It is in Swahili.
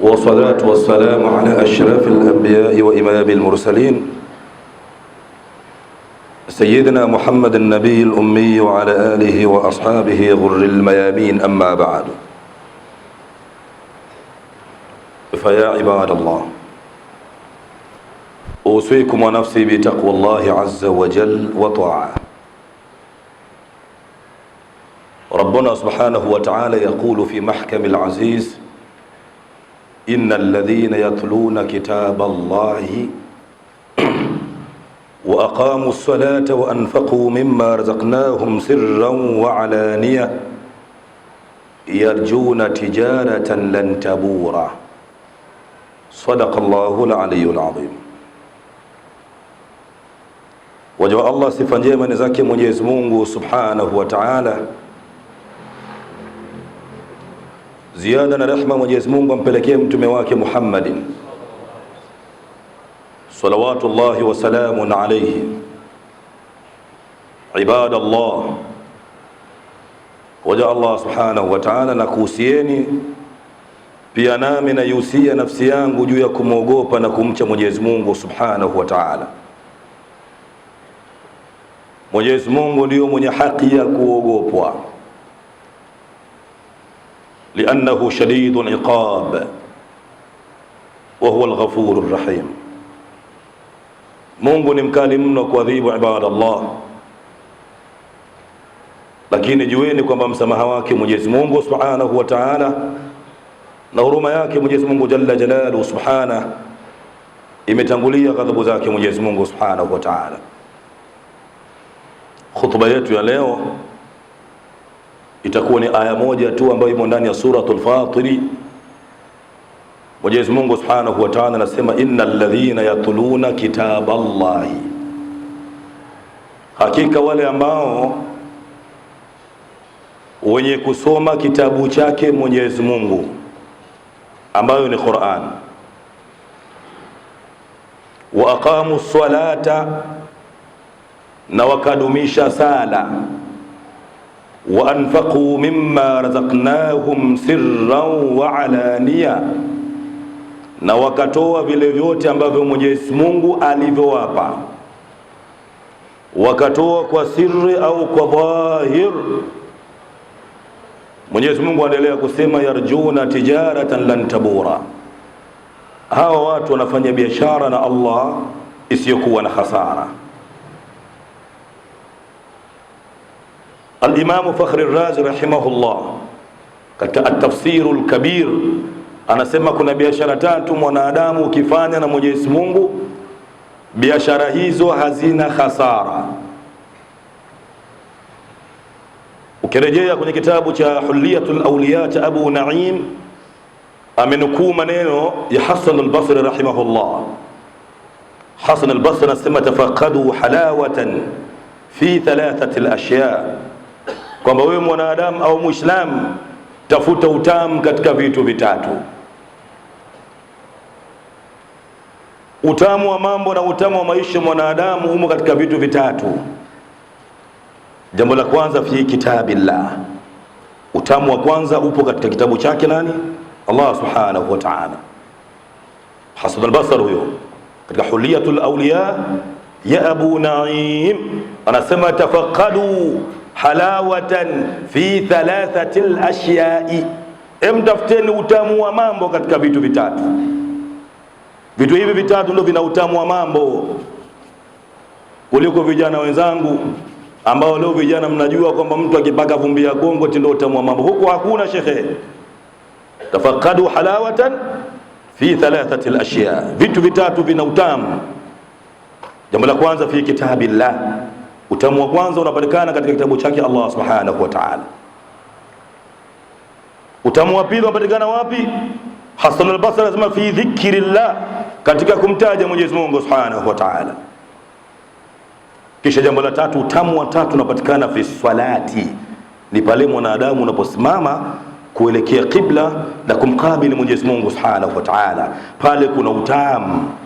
والصلاة والسلام على أشرف الأنبياء وإمام المرسلين سيدنا محمد النبي الأمي وعلى آله وأصحابه غر الميامين أما بعد فيا عباد الله أوصيكم ونفسي بتقوى الله عز وجل وطاعة ربنا سبحانه وتعالى يقول في محكم العزيز إن الذين يتلون كتاب الله وأقاموا الصلاة وأنفقوا مما رزقناهم سرا وعلانية يرجون تجارة لن تبور صدق الله العلي العظيم وجاء الله سفنجي من زكي من Mwenyezi Mungu Subhanahu ziada na rehma Mwenyezi Mungu ampelekee mtume wake Muhammad salawatullahi wa alaihi alayhi. Ibadallah, waja Allah subhanahu wa ta'ala, na kuhusieni pia nami naihusia nafsi yangu juu ya kumwogopa na kumcha Mwenyezi Mungu subhanahu wa ta'ala. Mwenyezi Mungu ndio mwenye haki ya kuogopwa liannahu شديد العقاب وهو الغفور الرحيم rahim. Mungu ni mkali mno kuadhibu ibadallah, lakini jueni kwamba msamaha wake Mwenyezi Mungu Subhanahu wa Ta'ala na huruma yake Mwenyezi Mungu Jalla Jalaluhu subhana imetangulia ghadhabu zake Mwenyezi Mungu Subhanahu wa Ta'ala. Khutba yetu ya leo itakuwa ni aya moja tu ambayo imo ndani ya Suratul Fatiri. Mwenyezi Mungu Subhanahu wa Ta'ala anasema innal ladhina yatluna kitaballahi, hakika wale ambao wenye kusoma kitabu chake Mwenyezi Mungu ambayo ni Qur'an, wa aqamu salata, na wakadumisha sala wa مما رزقناهم سرا sirran na wakatoa vile vyote ambavyo Mwenyezi Mungu alivyowapa, wakatoa kwa siri au kwa dhahir. Mwenyezi Mungu anaendelea kusema, yarjuna tijaratan lan tabura, hawa watu wanafanya biashara na Allah isiyokuwa na hasara. Alimamu Fakhri Razi rahimahullah katika Atafsiru Lkabir anasema kuna biashara tatu mwanadamu ukifanya na Mwenyezi Mungu, biashara hizo hazina khasara Ukirejea kwenye kitabu cha Hulyatul Awliya cha Abu Naim amenukuu maneno ya Hasan Albasri rahimahullah. Hasan Albasri anasema tafaqadu halawatan fi thalathati lashya kwamba wewe mwanadamu au muislam tafuta utamu katika vitu vitatu: utamu wa mambo na utamu wa maisha mwanadamu humo katika vitu vitatu. Jambo la kwanza, fi kitabillah, utamu wa kwanza upo katika kitabu chake nani? Allah subhanahu wa ta'ala. Hasan albasar huyo katika huliyatu laulia ya Abu Naim anasema tafaqadu halawatan fi thalathati lashyai, emtafuteni utamu wa mambo katika vitu vitatu. Vitu hivi vitatu ndio vina utamu wa mambo kuliko vijana wenzangu ambao leo vijana mnajua kwamba mtu akipaka vumbi ya gongo ndio utamu wa mambo. Huko hakuna shekhe. Tafakadu halawatan fi thalathati lashya vitu vitatu vina utamu. Jambo la kwanza, fi kitabillah Utamu wa kwanza unapatikana katika kitabu chake Allah subhanahu wa ta'ala. Utamu wa pili unapatikana wapi? Hasan al-Basri anasema fi dhikrillah, katika kumtaja Mwenyezi Mungu subhanahu wa ta'ala. Kisha jambo la tatu, utamu wa tatu unapatikana fi salati ni pale mwanadamu unaposimama kuelekea kibla na kumkabili Mwenyezi Mungu subhanahu wa ta'ala, pale kuna utamu